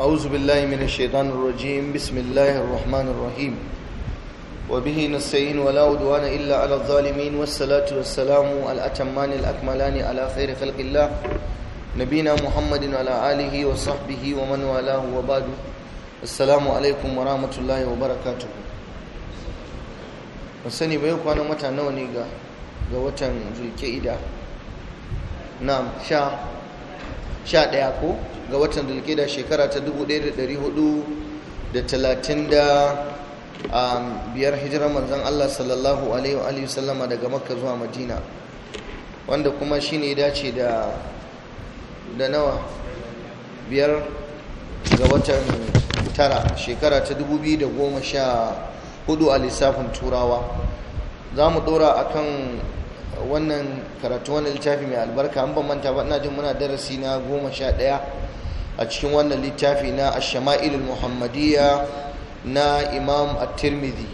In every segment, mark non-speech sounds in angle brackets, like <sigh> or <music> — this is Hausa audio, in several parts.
أعوذ بالله من الشيطان الرجيم بسم الله الرحمن الرحيم وبه نستعين ولا عدوان إلا على الظالمين والصلاة والسلام الأتمان الأكملان على خير خلق الله نبينا محمد وعلى آله وصحبه ومن والاه وبعد السلام عليكم ورحمة الله وبركاته wasani bai kwana wata nawa ne ga ga watan zulka'ida na sha sha ɗaya ko ga watan dulkida shekara ta 1435 hijirar manzan Allah sallallahu alaihi wa sallama daga makka zuwa madina wanda kuma shine dace da da nawa biyar ga watan tara shekara ta 2014 a lissafin turawa za mu dora kan wannan karatu wani littafi mai albarka an ban manta ba ina jin muna darasi na goma sha ɗaya a cikin wannan littafi na ashama'ilul muhammadiyya na imam at-tirmidhi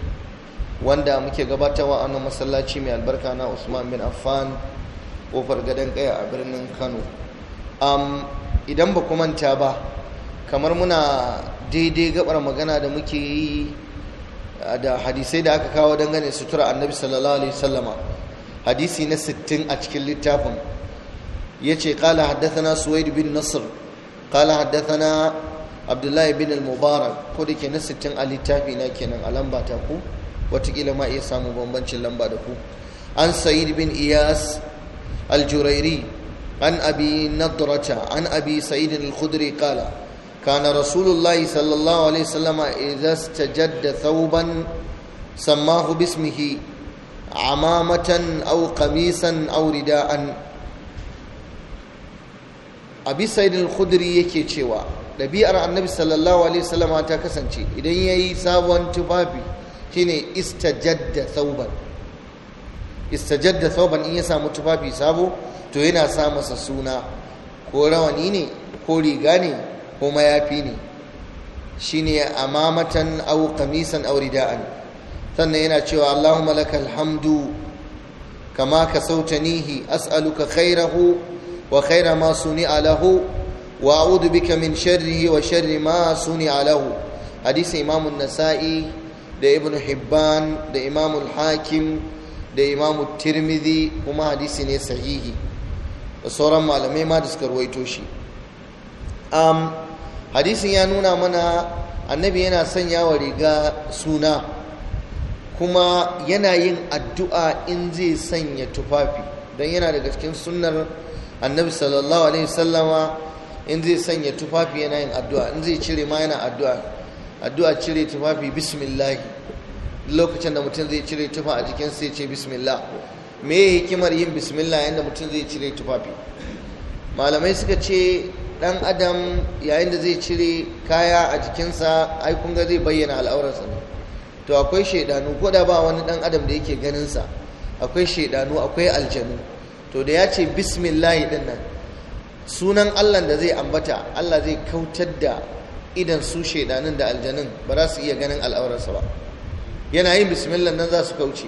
wanda muke gabatarwa a nan masallaci mai albarka na usman bin affan kofar gadon kaya a birnin kano idan ba ku manta ba kamar muna daidai gabar magana da muke yi da hadisai da aka kawo dangane sutura annabi sallallahu alaihi hadisi na 60 a cikin littafin yace haddasa haddathana suwaid bin nasr قال حدثنا عبد الله بن المبارك كودي كنا ستين علي تابي لكن علم باتكو وتقيل ما يسامو بمبنش اللمبا تكو عن سعيد بن إياس الجريري عن أبي نضرة عن أبي سعيد الخدري قال كان رسول الله صلى الله عليه وسلم إذا استجد ثوبا سماه باسمه عمامة أو قميصا أو رداء abi sa'idul khudri yake cewa ɗabi'ar annabi sallallahu alaihi ta kasance idan yayi sabon tufafi shine istajadda thawban istajadda thawban in ya samu tufafi sabo to yana sa masa suna ko rawani ne ko riga ne ko mayafi ne shine amamatan aw qamisan aw rida'an sannan yana cewa Allahumma lakal hamdu kama ka sautanihi as'aluka khairahu Wakaira khaira ma suni alahu wa audu bika min sharrihi wa sharri ma alahu hadisi imamu nasa'i da ibn hibban da imamu hakim da imamu tirmidhi kuma hadisi ne sahihi da sauran malamai ma da waito shi am ya nuna mana annabi yana sanya wa riga suna kuma yana yin addu’a in zai sanya tufafi don yana daga cikin sunar annabi sallallahu alaihi sallama in zai sanya tufafi yana yin addu'a in zai cire ma yana addu'a addu'a cire tufafi bismillah lokacin da mutum zai cire tufa a jikin sai ce bismillah me ya hikimar yin bismillah yadda mutum zai cire tufafi malamai suka ce dan adam yayin da zai cire kaya a jikinsa ai kun ga zai bayyana al'aurarsa ne to akwai shaidanu ko da ba wani dan adam da yake ganinsa akwai shaidanu akwai aljanu to da ya ce bismillahi din nan sunan allah da zai ambata allah zai kautar da idan su shaidanin da aljanin ba za su iya ganin al'aurarsa ba yana yin bismillah nan za su kauce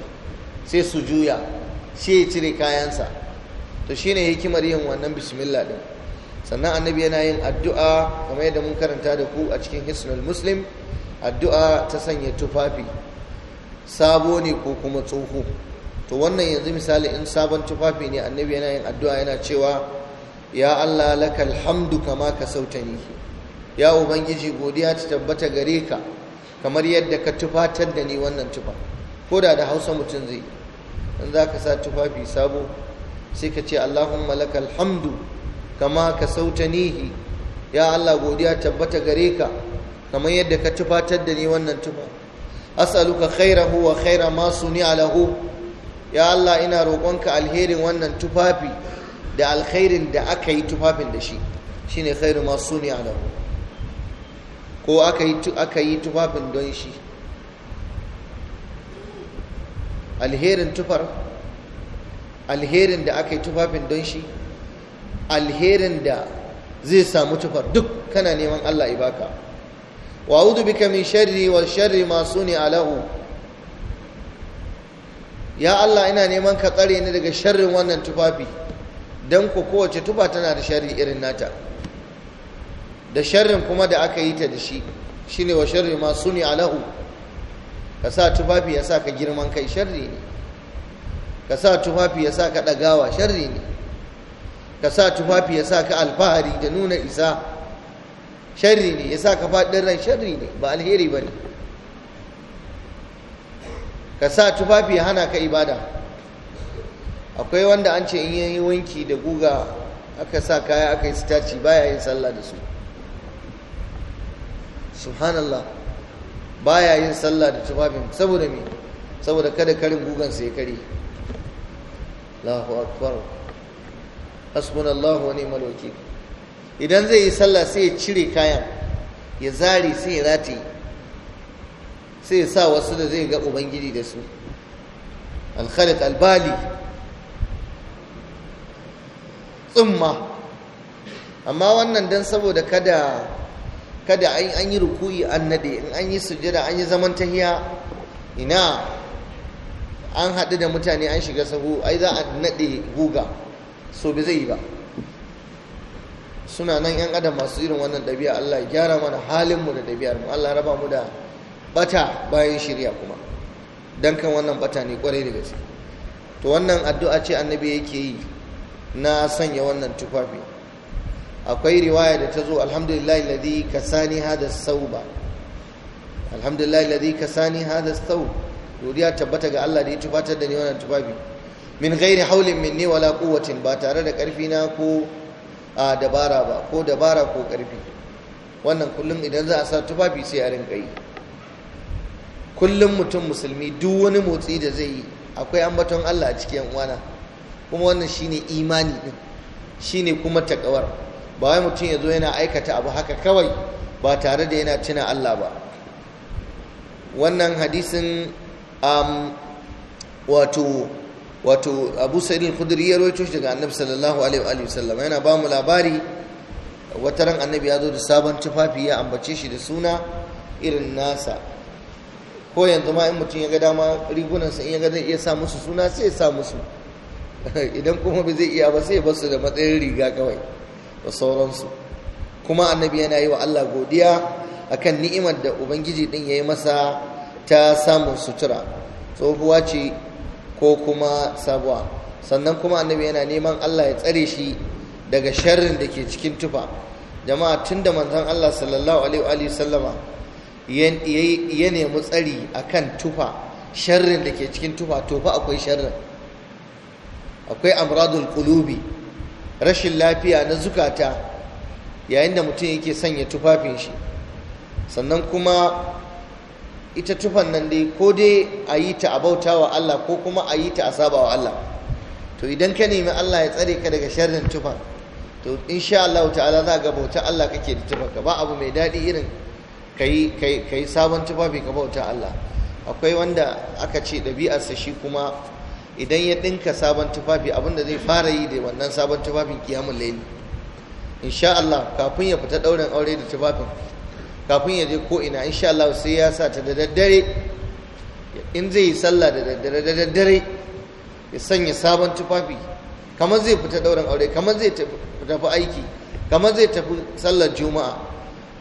sai su juya sai ya cire kayansa to shine hikimar yin wannan bismillah din sannan annabi yana yin addu'a kamar yadda mun karanta da ku a cikin hisnul muslim addu'a ta sanya tufafi sabo ne ko kuma tsoho to wannan yanzu misali in sabon tufafi ne annabi yana yin addu'a yana cewa ya Allah lakal hamdu kama ka sautani ya ubangiji godiya ta tabbata gare ka kamar yadda ka tufatar da ni wannan tufa ko da da hausa mutum zai in za ka sa tufafi sabo sai ka ce allahumma lakal hamdu kama ka sautanihi ya Allah godiya tabbata gare ka kamar yadda ka tufatar da ni wannan tufa as'aluka khairahu wa khaira ma suni'a lahu ya Allah ina roƙonka alherin wannan tufafi da alkhairin da aka yi tufafin da shi shine khairu masu ne alam ko aka yi tufafin don shi alherin tufar alherin da aka yi tufafin don shi alherin da zai samu tufar duk kana neman Allah ibaka wa'udu bika min sharri wa sharri masu ne alahu ya Allah ina neman ka tsare ni daga sharrin wannan tufafi don ku kowace tufa tana da sharri irin nata da sharrin kuma da aka yi ta da shi shine wa sharri ma suni alahu ka sa tufafi ya sa ka girman kai sharri ne ka sa tufafi ya sa ka ɗagawa sharri ne ka sa tufafi ya sa ka alfahari da nuna isa sharri ne ya sa ka faɗin ran sharri ne ba alheri ba ne ka sa tufafi hana ka ibada akwai wanda an ce in yi wanki da guga aka sa kaya aka yi sitaci baya yin sallah da su subhanallah baya yin sallah da tufafin saboda me saboda kada karin gugan sai kare Allahu akbar hasbunallahu wa ni'mal wakil idan zai yi sallah sai ya cire kayan ya zari sai ya rataye sai ya sa wasu da zai ga ubangiji da su alkhalik albali tsumma amma wannan don saboda kada kada an yi rukuyi an nade in an yi sujjada an yi zaman tahiya ina an haɗu da mutane an shiga sahu ai za a naɗe guga so bi zai yi ba suna nan 'yan adam masu irin wannan ɗabi'a Allah ya gyara mana halinmu da ɗabi'ar mu Allah raba mu da bata bayan shirya kuma don kan wannan bata ne kwarai da gaske to wannan addu'a ce annabi yake yi na sanya wannan tufafi akwai riwaya da ta zo alhamdulillah alladhi kasani hada sauba alhamdulillah alladhi kasani hada sau godiya tabbata ga Allah da ya tufatar da ni wannan tufafi min ghairi haulin minni wala quwwatin ba tare da karfi na ko a dabara ba ko dabara ko karfi wannan kullum idan za a sa tufafi sai a rinka yi kullum mutum musulmi duk wani motsi da zai yi akwai ambaton Allah a cikin uwana kuma wannan shine imani din shine kuma takawar ba wai mutum ya zo yana aikata abu haka kawai ba tare da yana tuna Allah ba wannan hadisin um, wato wato Abu Sa'id al-Khudri ya rawaito daga Annabi sallallahu alaihi wa sallam yana ba mu labari wataran Annabi ya zo da sabon tufafi ya ambace shi da suna irin nasa ko yanzu ma in mutum ya ga dama rigunan sa in ya ga zai iya sa musu suna sai ya sa musu <laughs> idan kuma bai zai iya ba sai ya basu da matsayin riga kawai da sauransu kuma annabi yana yi wa Allah godiya akan ni'imar da ubangiji din yayi masa ta samun sutura tsohuwa ce ko kuma sabuwa sannan kuma annabi yana neman Allah ya tsare shi daga sharrin da ke cikin tufa jama'a tunda manzon Allah sallallahu alaihi wa sallama ya nemi tsari akan tufa sharrin da ke cikin tufa to akwai sharrin akwai amradul kulubi rashin lafiya na zukata yayin da mutum yake sanya tufafin shi sannan kuma ita tufan nan dai ko dai a yi ta a bauta wa Allah ko kuma a yi ta a saba wa Allah to idan ka nemi Allah ya tsare ka daga sharrin tufan to insha Allah ta'ala za ga bauta Allah kake da tufan ka ba abu mai daɗi irin ka yi sabon tufafi ka bauta Allah akwai wanda aka ce ɗabi'arsa shi kuma idan ya ɗinka sabon tufafi abinda zai fara yi da wannan sabon tufafin kiyamun laili insha Allah kafin ya fita ɗaurin aure da tufafin kafin ya je ko ina insha Allah sai ya sa ta da daddare in zai yi sallah da daddare da daddare ya sanya sabon tufafi kamar zai fita ɗaurin aure kamar zai tafi aiki kamar zai tafi sallar juma'a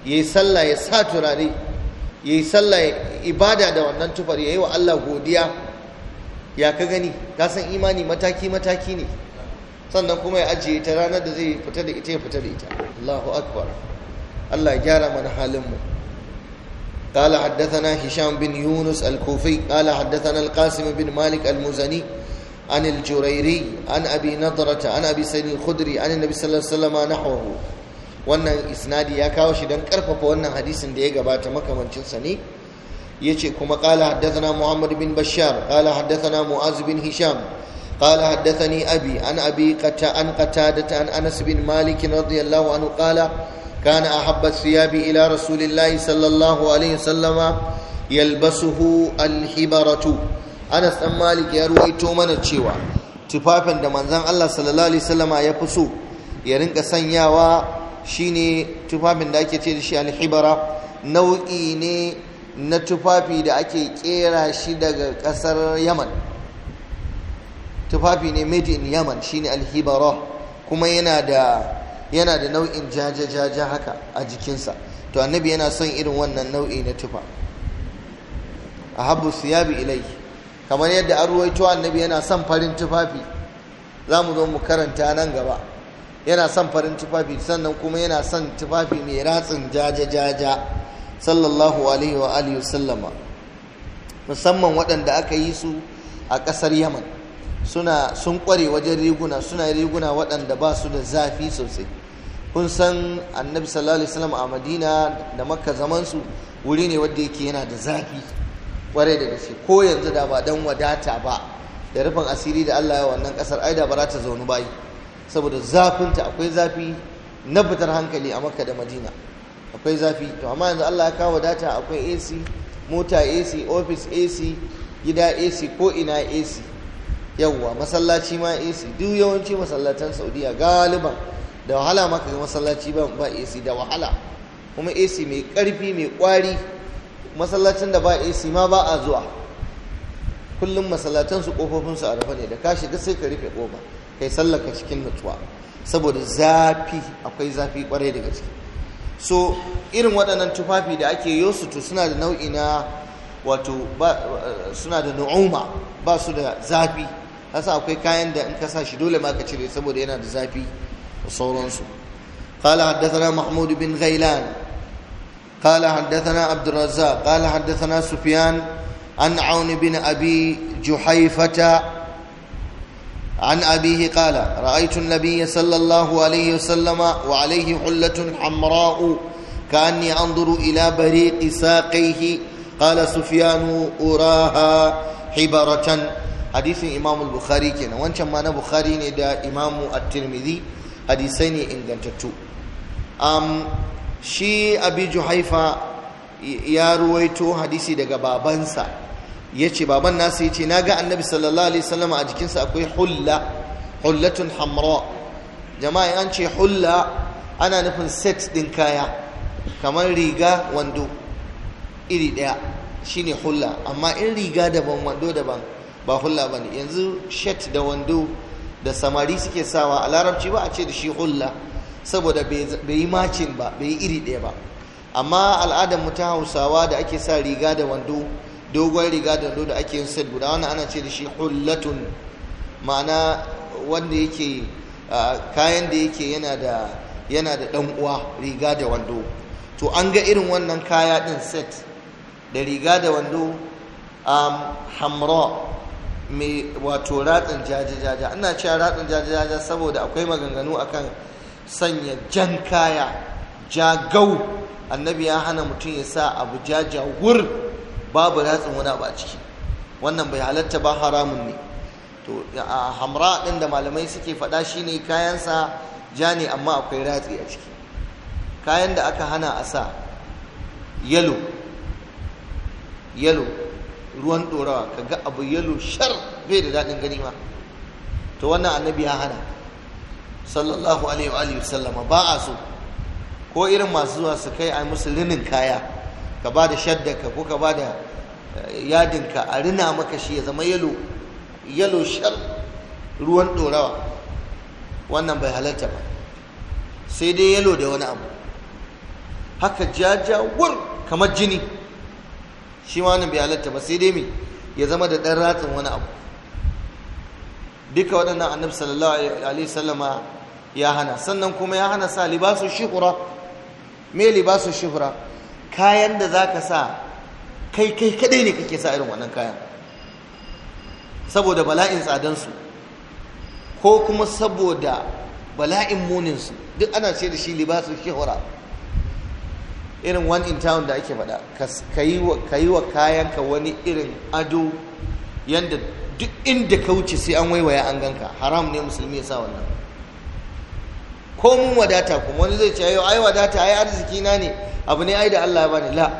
Yayi sallah ya sa turare yayi yi sallah ibada da wannan tufar ya yi wa Allah godiya ya ka gani ka san imani mataki mataki ne sannan kuma ya ajiye ta ranar da zai fita da ita ya fita da ita Allahu akbar Allah ya gyara mana halin mu قال حدثنا هشام بن يونس الكوفي قال حدثنا القاسم بن مالك المزني عن الجريري عن أبي نضرة عن أبي سيد الخدري عن النبي صلى الله عليه وسلم نحوه wannan isnadi ya kawo shi don karfafa wannan hadisin da ya gabata makamancin sa Ya ce, kuma qala haddathana muhammad bin bashar qala haddathana mu'az bin hisham qala haddathani abi an abi qata an qatada an anas bin malik radiyallahu anhu qala kana ya thiyabi ila rasulillahi sallallahu alaihi wasallama yalbasuhu alhibaratu anas bin malik ya ruwaito mana cewa tufafin da manzon Allah sallallahu alaihi Sallama ya fi so ya rinka sanyawa shine tufafin da ake ce da shi alhibara nau'i ne na tufafi da ake kera shi daga kasar yaman tufafi ne made in yaman shine alhibara kuma yana da yana da nau'in jajajaja haka a jikinsa to annabi yana son irin wannan nau'i na tufa a habu siyabi ilai kamar yadda an ruwaito annabi yana son farin tufafi za mu zo mu karanta nan gaba yana son farin tufafi sannan kuma yana son tufafi mai ratsin jaja-jaja sallallahu alaihi wa alihi sallama musamman waɗanda aka yi su a ƙasar yaman suna sun ƙware wajen riguna suna riguna waɗanda ba su da zafi sosai kun san annabi sallallahu alaihi wasallam a madina da makka zamansu wuri ne wanda yake yana da zafi ƙware da gaske ko yanzu da ba dan wadata ba da rufin asiri da allah ya wannan ƙasar ai da ba za ta zaunu bayi saboda zafinta akwai zafi na fitar hankali a makka da madina akwai zafi to amma yanzu allah ya kawo data akwai ac mota ac ofis ac gida ac ko ina ac yawwa masallaci ma ac duk yawanci masallatan saudiya galiban da wahala maka ga masallaci ba ac da wahala kuma ac mai karfi mai kwari masallacin da ba ac ma ba a zuwa kullum masallatan su kofofinsu a rufe ne da kashi, shiga sai ka rufe kofa kai sallaka cikin nutsuwa saboda zafi akwai zafi kwarai daga ciki so irin waɗannan tufafi da ake to suna da nau'i na wato suna da nu'uma ba su da zafi hasa akwai kayan da in ka sa shi dole ma ka cire saboda yana da zafi da sauransu قال حدثنا محمود بن غيلان قال حدثنا عبد الرزاق قال حدثنا سفيان عن عون بن أبي جحيفة عن أبيه قال رأيت النبي صلى الله عليه وسلم وعليه حلة حمراء كأني أنظر إلى بريق ساقيه قال سفيان أراها حبرة حديث إمام البخاري كنا وانشان مانا بخاري ندا إمام الترمذي حديثين إن كنتتو أم شي أبي جحيفة يا رويتو حديثي دقا بابنسا ya ce baban nasu ya ce na ga annabi sallallahu alaihi wasallam a jikinsa akwai hulla hullatun hamra jama'a an ce hulla ana nufin set ɗin kaya kamar riga wando iri ɗaya shine hulla amma in riga daban wando daban ba hulla bane yanzu shirt da wando da samari suke sawa a larabci ba a ce da shi hulla saboda bai yi macin ba bai yi iri ɗaya ba amma al'adar mu ta hausawa da ake sa riga da wando dogon riga da da ake yin set guda wannan ana ce da shi hullatun ma'ana wanda yake kayan da yake yana da yana da dan uwa riga da wando to an ga irin wannan kaya din set da riga da wando um, hamra mai wato ratsin jajajaja ana cewa ratsin jajajaja saboda akwai maganganu akan sanya jan kaya jagau annabi ya hana mutum ya sa abu jajawur babu ratsin wani abu a ciki wannan bai halatta ba haramun ne to a hamra ɗin da malamai suke faɗa ne kayansa ja ne amma akwai ratsi a ciki kayan da aka hana a sa yalo yalo ruwan ɗorawa ga abu yalo shar bai da daɗin gani ma to wannan annabi ya hana sallallahu alaihi wa sallama ba a so ko irin masu zuwa su kai a musu linin kaya ka ba da shaddaka ko ka ba da eh, yadinka a rina maka shi ya zama yalo yalo shar ruwan dorawa. wannan bai halarta ba sai dai yalo da wani abu haka jajawar kamar jini shi ma bai halarta ba sai dai me ya zama da ɗan ratsin wani abu duka waɗannan annab sallallahu alaihi sallama ya hana sannan kuma ya hana sa libasu shuhura me libasu shuhura kayan da za ka sa kai kai kadai ne kake sa irin wannan kayan saboda bala'in tsadansu ko kuma saboda bala'in muninsu duk ana ce da shi libasu shihura irin one in town da ake faɗa ka yi wa ka wani irin ado yadda duk inda ka wuce sai an waiwaya an ganka haram ne musulmi ya sa wannan ko mun wadata kuma wani zai ce ai wadata ai arziki na ne abu ne ai da Allah ya bani la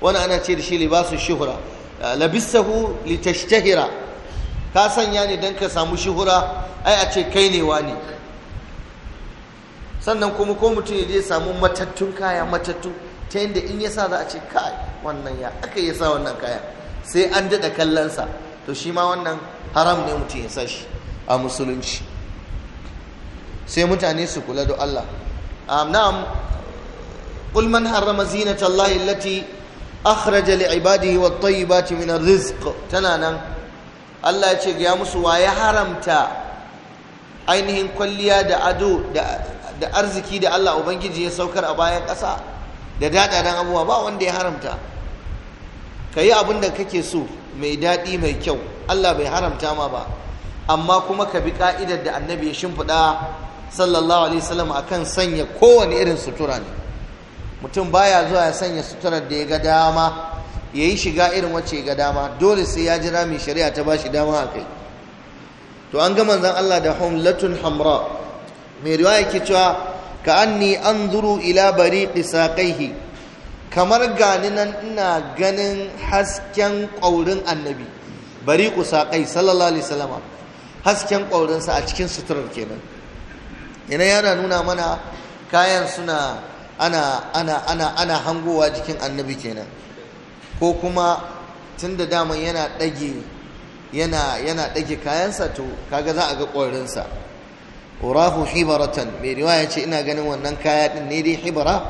wani ana ce da shi libasu shuhura ah, labisahu litashtahira ka sanya ne dan ka samu shuhura ai a ce kai ne wani sannan kuma ko mutum ya je samu matattun kaya matattu ta yadda in ya sa za a ce kai wannan ya aka yi sa wannan kaya sai an daɗa kallonsa to shi ma wannan haram ne mutum ya sa shi a musulunci sai mutane su kula da Allah na'am qul man harrama zinata Allah allati akhraja li ibadihi wat tayyibati min rizq tana nan Allah ya ce ga musu wa ya haramta ainihin kwalliya da ado da arziki da Allah ubangiji ya saukar a bayan ƙasa da dadadan abubuwa ba wanda ya haramta ka yi abin da kake so mai daɗi mai kyau Allah bai haramta ma ba amma kuma ka bi ka'idar da annabi ya shimfiɗa sallallahu alaihi wasallam akan sanya kowane irin sutura ne mutum baya zuwa ya sanya suturar da ya ga dama ya yi shiga irin wacce ya ga dama dole sai ya jira mai shari'a ta bashi dama a kai to an ga manzon Allah da humlatun hamra mai riwaya ke cewa ka anni anzuru ila bariqi saqaihi kamar gani nan ina ganin hasken kaurin annabi bariqu saqai sallallahu alaihi wasallam hasken ƙaurinsa a cikin suturar kenan yana yana nuna mana kayan suna ana ana ana ana hangowa jikin annabi kenan ko kuma tun da daman yana ɗage yana yana ɗage kayansa to kaga za a ga ƙwarinsa urahu hibaratan mai riwaya ce ina ganin wannan kaya ɗin ne dai hibara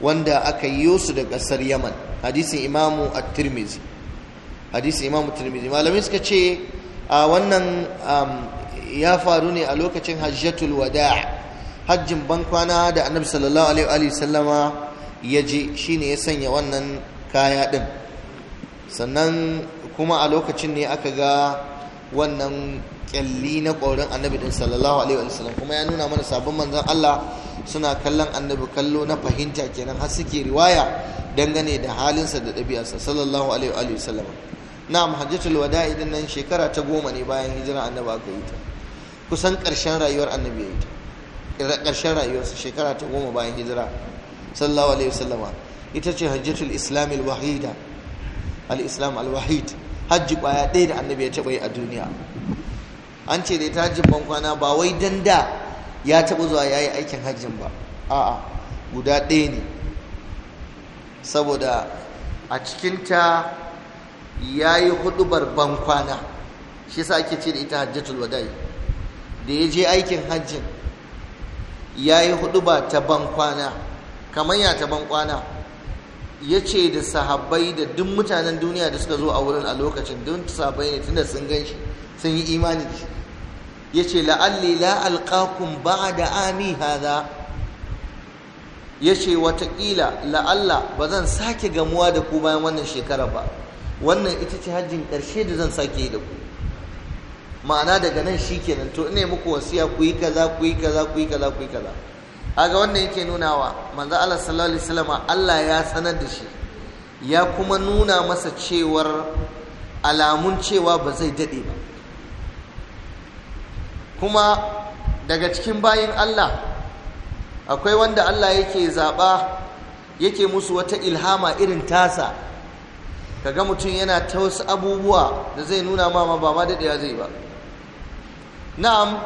wanda aka yi su da ƙasar yaman hadisin imamu at-tirmizi hadisin imamu tirmizi malamai suka ce a wannan ya faru ne a lokacin hajjatul wada hajjin bankwana da annabi sallallahu alaihi sallama ya je shine ya sanya wannan kaya din sannan kuma a lokacin ne aka ga wannan kyalli na ƙorin annabi din sallallahu alaihi sallam, kuma ya nuna mana sabon manzon Allah suna kallon annabi kallo na fahimta kenan har suke riwaya dangane da halinsa da ɗabi'arsa sallallahu alaihi wasallam na'am hajjatul wada'i din nan shekara ta goma ne bayan hijira annabi aka yi ta kusan ƙarshen rayuwar annabi ya yi ƙarshen rayuwarsa shekara ta goma bayan hijira sallallahu alaihi wasallama ita ce hajjatul islam al-wahida al-islam al-wahid hajji kwaya ɗaya da annabi ya taɓa yi a duniya an ce da ita hajjin bankwana ba wai dan da ya taɓa zuwa ya yi aikin hajjin ba a'a guda ɗaya ne saboda a cikinta ya yi hudubar bankwana shi sa ake ce da ita hajjatul wada'i da ya je aikin hajjin ya yi hudu ba ta bankwana kamar ya ta bankwana ya ce da sahabbai da duk mutanen duniya da suka zo a wurin a lokacin don sahabbai ne tunda sun gan shi sun yi imani da shi ya ce la'alli la'alƙakun ba da ami haza. ya ce watakila la'alla ba zan sake gamuwa da ku bayan wannan shekara ba wannan ita ce hajjin ƙarshe da zan sake yi da ku ma'ana daga nan shi shikenan to ina muku wasiya ku yi kaza ku yi kaza ku yi kaza ku yi kaza kaga wannan yake nunawa manzo Allah sallallahu alaihi wasallam Allah ya sanar da shi ya kuma nuna masa cewar alamun cewa ba zai dade ba kuma daga cikin bayin Allah akwai wanda Allah yake zaba yake musu wata ilhama irin tasa kaga mutum yana ta wasu abubuwa da zai nuna ma ba ma dadewa zai ba na'am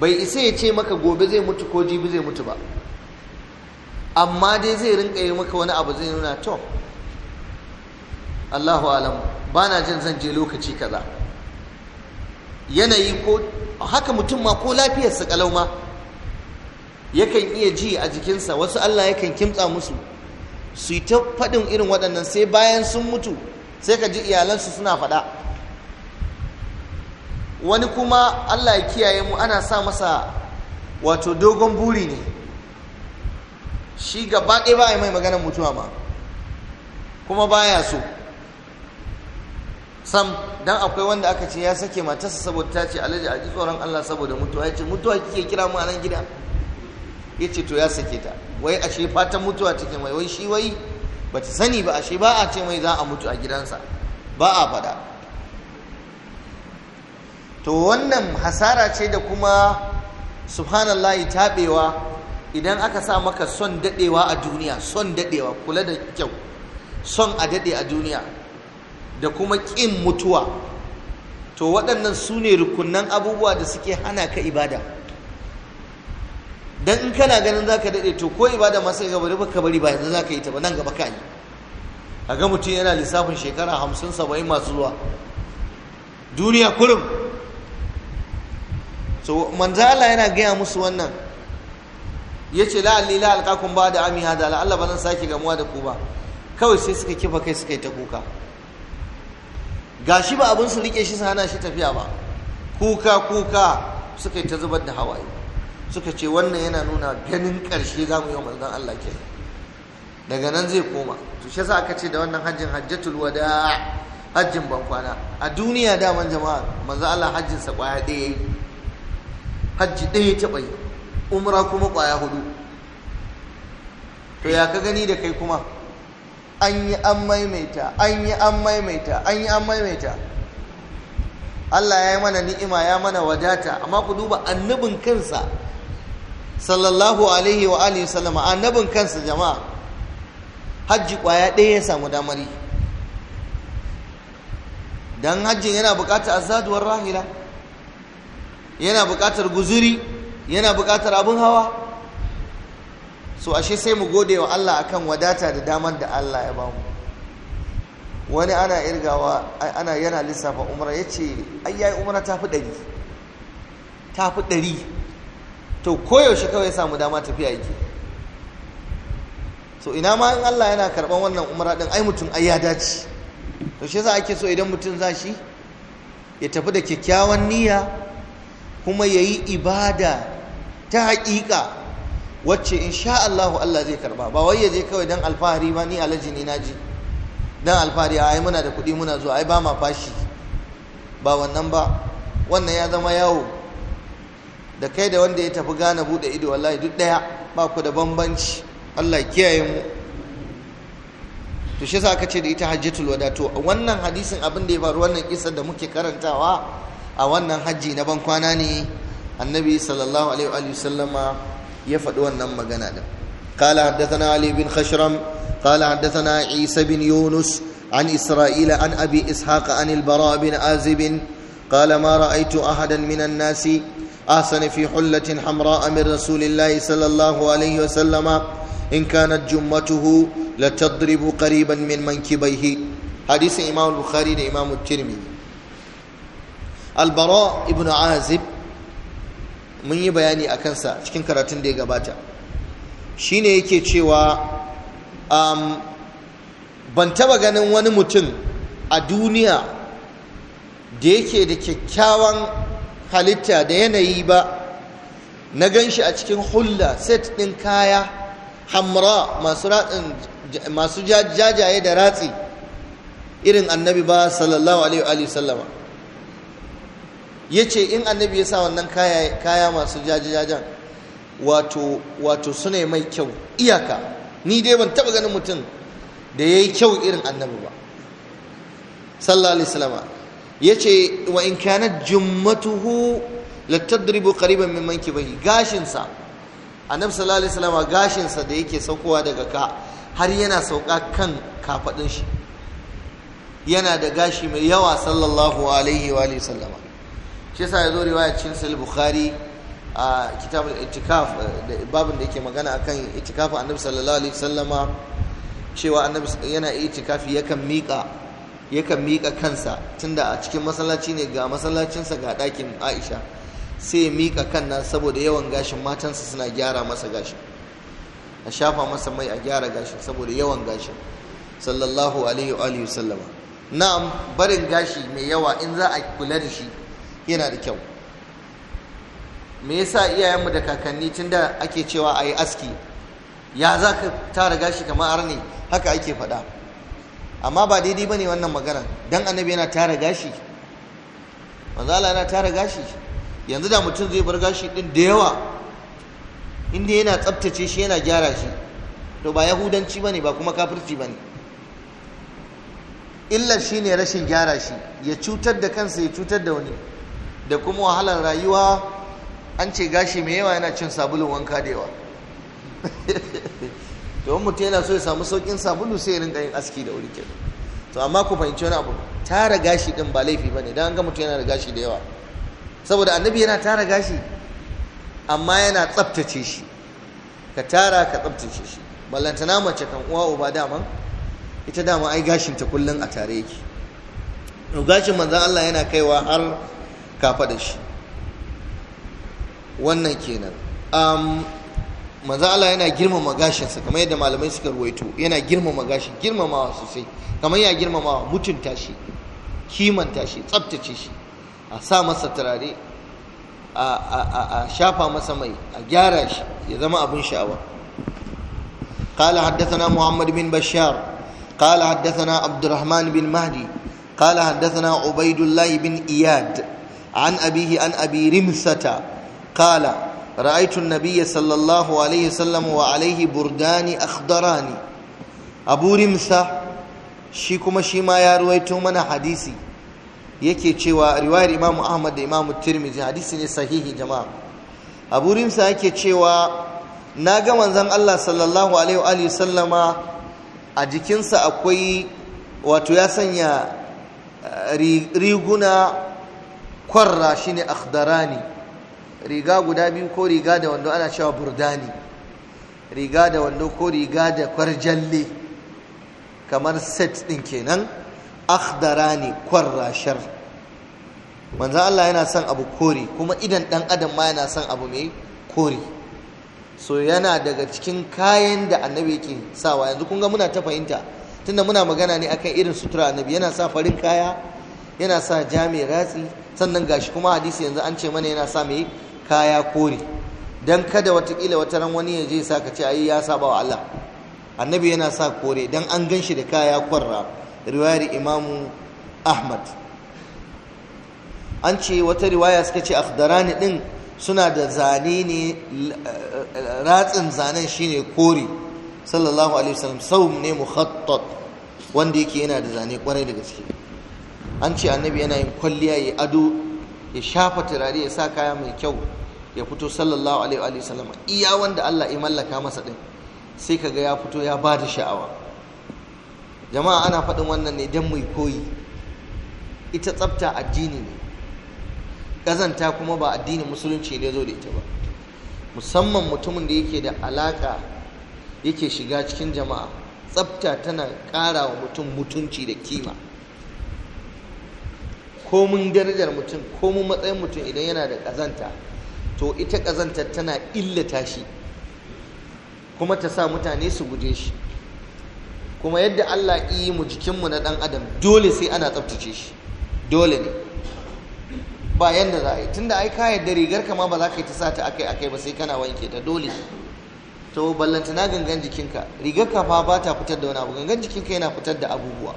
bai isa ya ce maka gobe zai mutu ko jibi zai mutu ba amma dai zai rinka yi maka wani abu zai nuna to Allahu alam ba na jin zan je lokaci kaza yanayi ko haka mutum ma ko lafiyarsa kalau ma yakan iya ji a jikinsa wasu Allah yakan kimtsa musu su yi ta faɗin irin waɗannan sai bayan sun mutu sai ka ji iyalansu suna faɗa wani kuma Allah ya kiyaye mu ana sa masa wato dogon buri ne shi gaba ɗaya ba a mai maganar mutuwa ba kuma baya so sam dan akwai wanda aka ce ya sake matarsa saboda ta ce alhaji a ji tsoron Allah saboda mutuwa ya ce mutuwa kike kira mu a nan gida ya ce to ya sake ta wai ashe fatan mutuwa take mai wai shi wai bata sani ba ashe ba a ce mai za a mutu a gidansa ba a faɗa to wannan hasara ce da kuma subhanallah taɓewa idan aka sa maka son daɗewa a duniya son daɗewa kula da kyau son a daɗe a duniya da kuma ƙin mutuwa to waɗannan su ne rukunan abubuwa da suke hana ka ibada don in kana ganin za ka daɗe to ko ibada masu gaba da baka bari ba yanzu za ka yi ta ba nan gaba ka yi a ga mutum yana lissafin shekara hamsin saba'in masu zuwa duniya kurum so manzo yana gaya musu wannan yace ce la'alila ba da amina da la'alla ba zan sake gamuwa da ku ba kawai sai suka kifa kai suka yi ta kuka gashi ba abin su rike shi su hana shi tafiya ba kuka kuka suka yi ta zubar da hawaye suka ce wannan yana nuna ganin karshe za mu yi manzan Allah ke daga nan zai koma to shi yasa aka ce da wannan hajjin hajjatul wada hajjin ban a duniya man jama'a manzo Allah hajjin sa kwaya ɗaya hajji ɗaya taɓa yi umra kuma ƙwaya hudu to ya ka gani da kai kuma an yi an maimaita an yi an maimaita an yi an maimaita Allah ya yi mana ni'ima ya mana wadata amma ku duba annabin kansa sallallahu alaihi wa alihi sallama annabin kansa jama'a hajji kwaya ɗaya ya samu damari don hajjin yana buƙatar azaduwar rahila yana buƙatar guzuri yana buƙatar abin hawa so ashe sai mu gode wa Allah akan wadata da damar da Allah ya bamu wani ana irgawa ana yana lissafa umra ya ce ai umra ta fi ɗari ta fi ɗari to koyaushe kawai ya samu dama tafiya yake so ina ma in Allah yana karban wannan umra din ai mutum ai ya dace to shi yasa ake so idan mutum zashi? ya tafi da kyakkyawan niyya kuma ya yi ibada ta haƙiƙa wacce in sha Allah zai karba ba wai ya je kawai don alfahari ba ni alaji ne naji don alfahari ai muna da kuɗi muna zuwa ai ba ma fashi ba wannan ba wannan ya zama yawo da kai da wanda ya tafi gane buɗe ido wallahi duk ɗaya ba ku da bambanci Allah kiyaye mu to shi sa aka ce da ita hajjatul wada to wannan hadisin abin da ya faru wannan kisar da muke karantawa a wannan hajji na ban kwana ne annabi sallallahu alaihi wa sallama ya faɗi wannan magana din قال حدثنا علي بن خشرم قال حدثنا عيسى بن يونس عن إسرائيل عن أبي إسحاق عن البراء بن عازب قال ما رأيت أحدا من الناس أحسن في حلة حمراء من رسول الله صلى الله عليه وسلم إن كانت جمته لتضرب قريبا من منكبيه حديث إمام البخاري لإمام الترمذي albara ibn azib mun yi bayani a kansa cikin karatun da ya gabata shine yake cewa um, ban taba ganin wani mutum a duniya da yake da kyakkyawan halitta da yanayi ba na gan shi a cikin hulla set ɗin kaya hamra masu jajaye da ratsi irin annabi ba sallallahu alaihi wa sallama ya ce in annabi ya sa wannan kaya masu jajajajen wato su ne mai kyau iyaka ni dai ban taba ganin mutum da ya yi kyau irin annabi ba sallallahu alaihi salama ya ce wa in kanat jummatuhu latadribu qariban min mankibihi gashinsa annabi sallallahu alaihi salama gashinsa da yake saukowa daga ka har yana sauka kan kafaɗin shi yana da gashi mai yawa sallallahu alaihi wa sallama shi yasa ya zo riwaya cikin sahih bukhari a kitabul itikaf da babin da yake magana akan itikaf annabi sallallahu alaihi wasallama cewa annabi yana itikafi yakan miƙa yakan miƙa kansa tunda a cikin masallaci ne ga masallacinsa ga ɗakin Aisha sai ya miƙa kan saboda yawan gashin matansa suna gyara masa gashin a shafa masa mai a gyara gashin saboda yawan gashin sallallahu alaihi wa sallama na'am barin gashi mai yawa in za a kula da shi yana da kyau me yasa iyayenmu da kakanni tun da ake cewa a yi aski ya za ka tara gashi kamar ne, haka ake faɗa amma ba daidai ba ne wannan magana don annabi yana tara gashi manzala yana tara gashi yanzu da mutum zai bar gashi ɗin da yawa inda yana tsabtace shi yana gyara shi to ba yahudanci ba ne ba kuma kafirci ba ne illar shi ne rashin gyara shi ya cutar da kansa ya cutar da wani da kuma wahalar rayuwa an ce gashi mai yawa yana cin sabulun wanka da yawa <laughs> to mutum yana so ya samu saukin sabulu sai ya rinka yin aski da wuri kenan to amma ku fahimci wani abu tara gashi din ba laifi bane dan an ga mutum yana da gashi da yawa saboda annabi yana tara gashi amma yana tsaftace shi ka tara ka tsaftace shi ballantana mace kan uwa uba daman ita dama ai gashin ta kullun a tare yake gashin manzon Allah yana kaiwa har kafaɗa shi wannan kenan um, manzo Allah yana girmama gashinsa kamar yadda malamai suka ruwaito yana girmama gashi girmamawa sosai kamar ya girmamawa mutunta shi kimanta shi tsabtace shi a sa masa turare a shafa masa mai a gyara shi ya zama abin sha'awa قال حدثنا محمد بن بشار قال حدثنا عبد الرحمن بن مهدي قال حدثنا عبيد الله بن إياد an abihi an abi rimsata qala ra'aytu an-nabiyya shi kuma shi ma ya ruwaito mana hadisi yake cewa riwayar imamu ahmad da imamu tirmidhi hadisi ne sahihi jama'a abu yake cewa na ga manzon Allah sallallahu a jikinsa akwai wato ya sanya riguna kwarra ne akhdarani riga guda biyu ko riga da wando ana cewa burdani riga da wando ko riga da kwarjalle kamar set din kenan akhdarani kwarrashar manzo Allah yana son abu kore kuma idan dan adam ma yana son abu mai kore so yana daga cikin kayan da annabi yake sawa yanzu kun ga muna ta fahimta tunda muna magana ne akan irin sutura annabi yana sa farin kaya yana sa jami ratsi sannan gashi kuma hadisi yanzu an ce mana yana sa mai kaya kore Don kada watakila wata ran wani ya je sa ka ce ai ya saba wa Allah annabi yana sa kore don an gan shi da kaya kwarra riwayar imamu ahmad an ce wata riwaya suka ce akhdarani din suna da zane ne ratsin zanen shine kore sallallahu alaihi wasallam saum ne mukhattat wanda yake yana da zane kwarai da gaske an ce annabi yana yin kwalliya ya ado ya shafa turare ya sa kaya mai kyau ya fito sallallahu alaihi wa sallam iya wanda Allah ya mallaka masa din sai kaga ya fito ya ba da sha'awa jama'a ana faɗin wannan ne don mu koyi ita tsafta addini ne ƙazanta kuma ba addinin musulunci ne zo da ita ba musamman mutumin da yake da alaƙa yake shiga cikin jama'a tsafta tana ƙara wa mutum mutunci da kima komin darajar mutum komin matsayin mutum idan yana da ƙazanta to ita ƙazanta tana illata shi kuma ta sa mutane su guje shi kuma yadda Allah yi mu jikinmu na ɗan adam dole sai ana tsabtace shi dole ne ba yadda za a yi tunda ai ka da rigar ma ba za ka yi ta sa ta akai akai ba sai kana wanke ta dole to ballantana gangan jikinka rigar kafa ba ta fitar da wani abu gangan jikinka yana fitar da abubuwa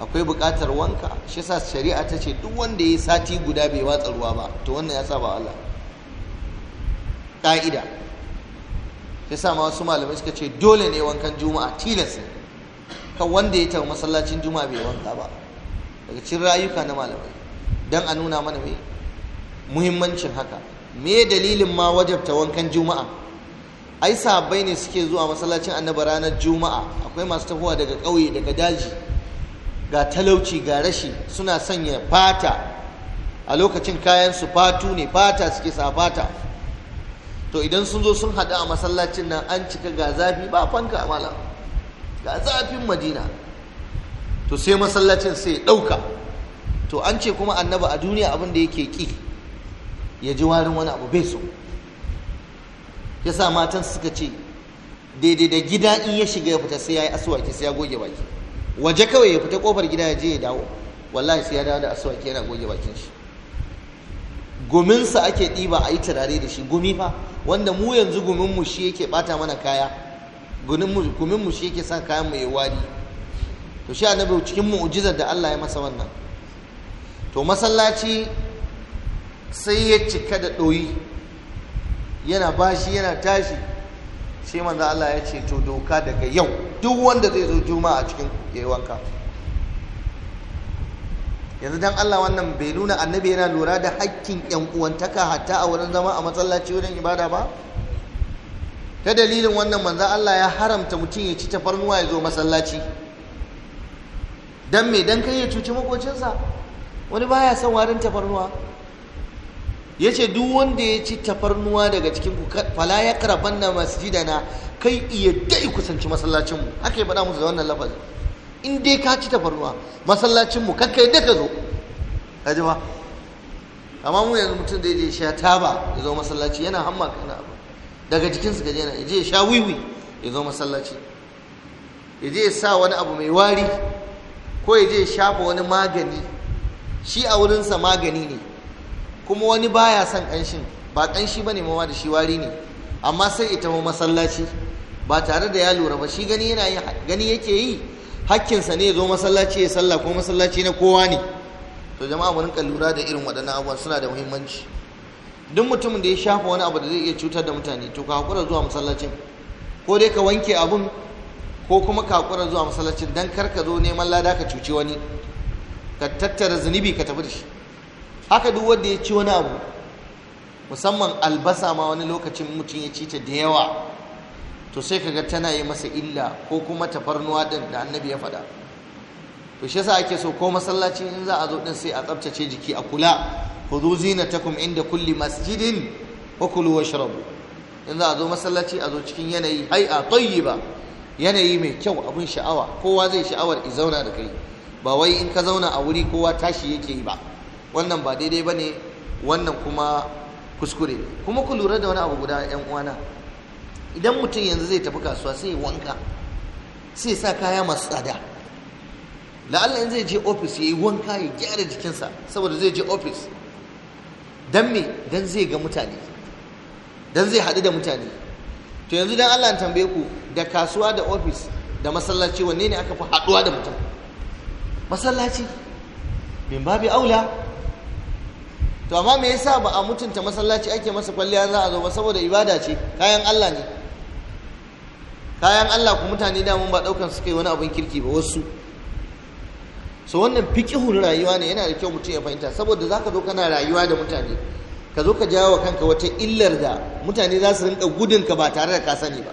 akwai buƙatar wanka shi sa shari'a ta ce duk wanda ya yi sati guda bai watsa ruwa ba to wannan ya saba Allah ƙa'ida shi sa ma wasu malamai suka ce dole ne wankan juma'a tilas kan wanda ya taɓa masallacin juma'a bai wanka ba daga cikin rayuka na malamai don a nuna mana mai muhimmancin haka me dalilin ma wajabta wankan juma'a ai sahabbai ne suke zuwa masallacin annabi ranar juma'a akwai masu tafowa daga ƙauye daga daji ga talauci ga rashi suna sanya fata a lokacin kayan su fatu ne fata suke sa fata to idan sun zo sun haɗu a masallacin nan an cika ga zafi ba fanka malam ga zafin madina to sai masallacin sai ɗauka to an ce kuma annaba a duniya abin da yake ki ya ji warin wani abu bai so ya sa matan suka ce daidai da gida in ya shiga ya fita sai ya yi asuwaki sai ya goge baki waje kawai ya fita kofar gida ya je ya dawo wallahi sai ya dawo da ke yana goge bakin shi guminsa ake ɗiba a yi turare da shi gumi fa wanda mu yanzu gumin shi yake bata mana kaya gumin shi yake sa kayan mu ya wari to shi annabi cikin mu'jizar da Allah ya masa wannan to masallaci sai ya cika da ɗoyi yana bashi yana tashi sai manzo Allah ya ce to doka daga yau duk wanda zai zo juma'a cikin yayi wanka yanzu dan Allah wannan bai nuna annabi yana lura da hakkin yan uwantaka hatta a wurin zama a masallaci wurin ibada ba ta dalilin wannan manzo Allah ya haramta mutum ya ci tafarnuwa ya zo masallaci dan me dan kai ya cuci makocinsa wani baya son warin tafarnuwa ya ce duk wanda ya ci tafarnuwa daga cikin ku fala ya karafan na masjidana kai iya dai kusanci mu. haka ya faɗa musu da wannan lafazi in dai ka ci tafarnuwa mu kakka yadda ka zo ka ji ba amma mu yanzu mutum da ya je sha taba ya zo masallaci yana hamma kana abu daga jikinsu gaje yana ya je sha wiwi ya zo masallaci ya je sa wani abu mai wari ko ya je shafa wani magani shi a wurinsa magani ne kuma wani baya son ƙanshin ba ƙanshi bane mawa da shi wari ne amma sai ita mu masallaci ba tare da ya lura ba shi gani yana gani yake yi hakkinsa ne ya zo masallaci ya sallah ko masallaci na kowa ne to jama'a mu rinka lura da irin waɗannan abubuwan suna da muhimmanci duk mutumin da ya shafa wani abu da zai iya cutar da mutane to ka hakura zuwa masallacin ko dai ka wanke abun ko kuma ka hakura zuwa masallacin dan kar ka zo neman lada ka cuci wani ka tattara zunubi ka tafi da shi haka duk wanda ya ci wani abu musamman albasa ma wani lokacin mutum ya ci ta da yawa to sai ga tana yi masa illa ko kuma tafarnuwa din da annabi ya faɗa to shi yasa ake so ko masallaci in za a zo din sai a tsabtace jiki a kula khudhu zinatakum inda kulli masjidin wa kulu washrabu in za a zo masallaci a zo cikin yanayi hay'a tayyiba yanayi mai kyau abin sha'awa kowa zai sha'awar i zauna da kai ba wai in ka zauna a wuri kowa tashi yake yi ba wannan ba daidai ba ne wannan kuma kuskure kuma ku lura da wani abu guda yan uwana idan mutum yanzu zai tafi kasuwa sai wanka sai sa kaya masu tsada la'alla in zai je ofis ya yi wanka ya gyara jikinsa saboda zai je ofis don me don zai ga mutane don zai haɗu da mutane to yanzu don allah tambaye ku da kasuwa da ofis da masallaci wanne ne aka fi haɗuwa da mutum masallaci min babi aula to amma me yasa ba a mutunta masallaci ake masa kwalliya za a zo ba saboda ibada ce kayan Allah ne kayan Allah ku mutane da mun ba daukan su kai wani abin kirki ba wasu so wannan fiqhun rayuwa ne yana da kyau mutum ya fahimta saboda zaka zo kana rayuwa da mutane ka zo ka jawo kanka wata illar da mutane za su rinka gudun ka ba tare da ka sani ba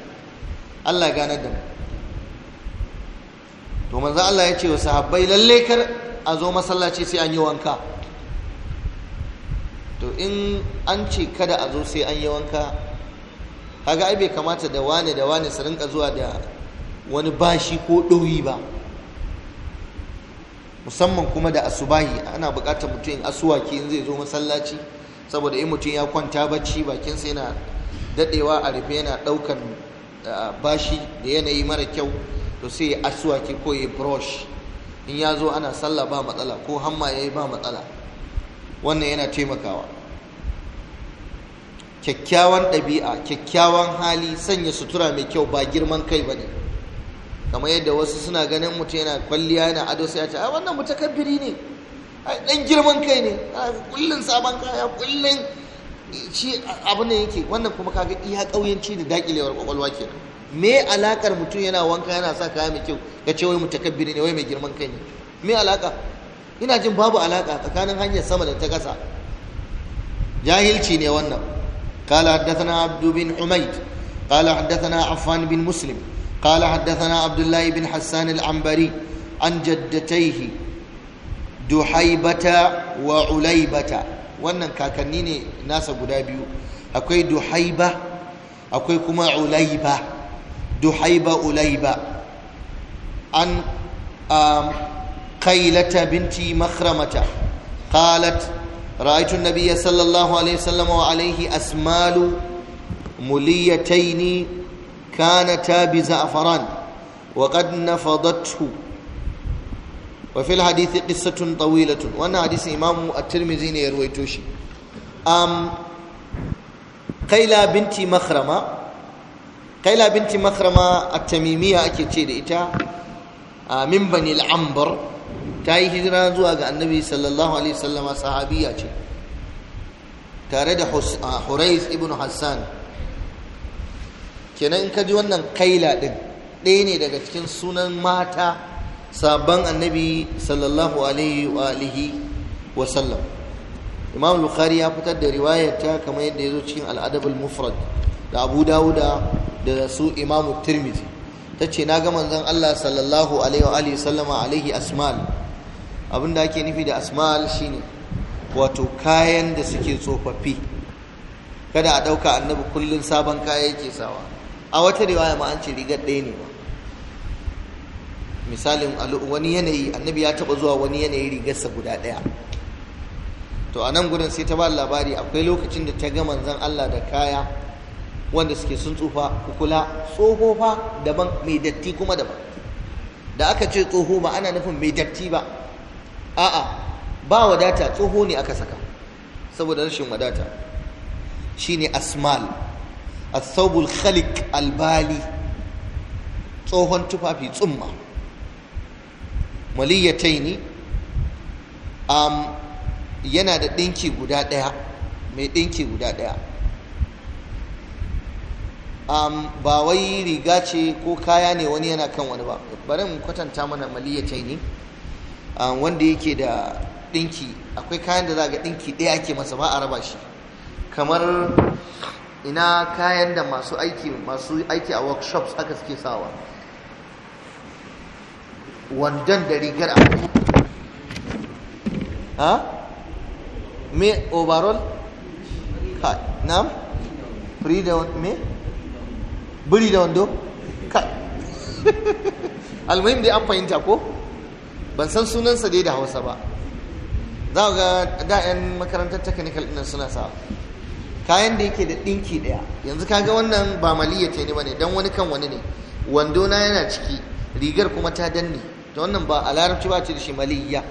Allah ganar da mu to manzo Allah ya ce wa sahabbai lalle kar a zo masallaci sai an yi wanka to in an ce kada a zo sai an yi wanka kaga ai bai kamata da wane da wane su rinka zuwa da wani bashi ko ɗoyi ba musamman kuma da asubahi ana buƙatar mutum in asuwaki in zai zo masallaci saboda in mutum ya kwanta bacci bakinsa yana daɗewa a rufe yana ɗaukan bashi da yanayi mara kyau to sai ya asuwaki ko ya brush in ya zo ana sallah ba matsala ko hamma ya yi ba matsala wannan yana taimakawa kyakkyawan ɗabi'a kyakkyawan hali sanya sutura mai kyau ba girman kai ba ne kamar yadda wasu suna ganin mutum yana kwalliya yana ado sai a ce a wannan mutakabbiri ne ɗan girman kai ne kullum sabon kaya kullum shi abu ne yake wannan kuma kaga iya ƙauyenci da daƙilewar kwakwalwa ke." me alaƙar mutum yana wanka yana sa kaya mai kyau Ka ce wai mutakabbiri ne wai mai girman kai ne me alaƙa, ina jin babu alaƙa tsakanin hanyar sama da ta kasa jahilci ne wannan قال حدثنا عبد بن حميد قال حدثنا عفان بن مسلم قال حدثنا عبد الله بن حسان العنبري عن جدتيه دحيبة وعليبة wannan kakanni ne nasa guda biyu akwai duhaiba akwai kuma ulaiba duhaiba ulaiba an um, kailata binti makramata qalat رأيت النبي صلى الله عليه وسلم وعليه أسمال مليتين كانتا بزعفران وقد نفضته وفي الحديث قصة طويلة وانا حديث إمام الترمذي يرويتوشي أم قيلة بنت مخرمة قيلة بنت مخرمة التميمية أكيد إتا من بني العنبر ta yi hijira zuwa ga annabi sallallahu alaihi wasallama sahabiya ce tare da Hurais ibn Hassan kenan in ka ji wannan kaila din ɗaya ne daga cikin sunan mata sabon annabi sallallahu alaihi wa sallam imam bukhari ya fitar da riwayata kamar yadda ya zo cikin al'adabul mufrad da abu dawuda da su imamu tirmidhi ta ce na ga manzon allah sallallahu alaihi wa alihi sallama alaihi asmal abin da ake nufi da asmal shine wato kayan da suke tsofaffi kada a ɗauka annabi kullum sabon kaya yake sawa a wata riwaya ma an ce rigar ɗaya ne ba misalin wani yanayi annabi ya taɓa zuwa wani yanayi rigarsa guda ɗaya to a nan gudun sai ta ba labari akwai lokacin da ta ga manzan Allah da kaya wanda suke sun tsufa kukula tsoho daban mai datti kuma daban da aka ce tsoho ba ana nufin mai datti ba a'a ba wadata tsoho ne aka saka saboda rashin wadata shine asmal athawbul khalik albali tsohon tufafi tsumma maliyataini um, yana da ɗinki guda ɗaya mai ɗinki guda ɗaya um, ba wai riga ce ko kaya ne wani yana kan wani ba bari mu kwatanta mana ne Ah, wanda yake da ɗinki akwai kayan da za ga ɗinki ɗaya ake masa ba a raba shi kamar ina kayan da masu aiki masu aiki a workshops haka suke sawa wandon da rigar a ha me overall kai nam free da me buri da wando kai <laughs> almuhim dai an fahimta ko ban san sunansa dai da hausa ba za ga da 'yan makarantar technical ɗin suna sa kayan da yake da ɗinki ɗaya yanzu kaga wannan ba maliyya ce ne ba ne don wani kan wani ne wando na yana ciki rigar kuma ta danne ta wannan ba a larabci ba ce da shi maliyya